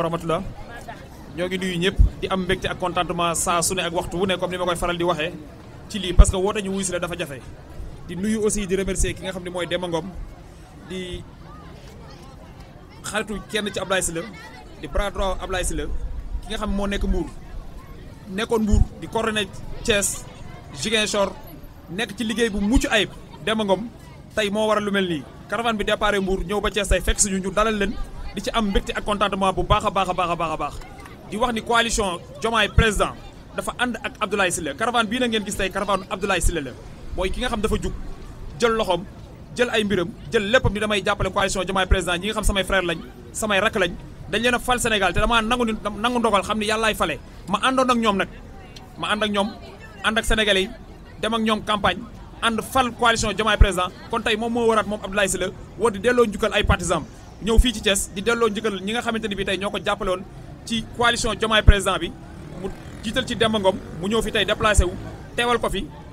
la ñoo ngi nuyu ñëpp di am mbégte ak contentement saa su ne ak waxtu wu ne comme ni ma koy faral di waxee ci lii parce que woote ñu wuyu si la dafa jafe di nuyu aussi di remercier ki nga xam ne mooy Demba Ngom di xaritu kenn ci Ablaye Sylla di bras droit Ablaye Sylla ki nga xam ne moo nekk Mbour nekkoon Mbour di coordonné Thiès Ziguinchor nekk ci liggéey bu mucc ayib Demba Ngom tey moo waral lu mel nii caravane bi déparé Mbour ñëw ba Thiès tey fekk suñu ñu dalal leen di ci am mbégte ak contentement bu baax a a baax a baax a baax di wax ni coalition président dafa ànd ak Abdoulaye Sylla caravane bii na ngeen gis tey caravane Abdoulaye Sylla la mooy ki nga xam dafa jug jël loxoom jël ay mbiram jël léppam damay jàppale coalition Diomaye président ñi nga xam samay frère lañ samay rak lañ dañ leen a fal Sénégal te damaa nangu ni ndogal xam ni yàllaay fale ma àndoon ak ñoom nag ma ànd ñoom ànd ak sénégalais yi dem ak ñoom campagne ànd fal coalition Diomaye président kon tey moom moo waraat moom Abdoulaye Sylla war di delloo njukkal ay partisans ñëw fii ci Thiès di delloo njëkkal ñi nga xamante ni bi tey ñoo ko jàppale ci coalition Diomaye président bi mu jiital ci Demba Ngom mu ñëw fi tey déplacé wu teewal ko fi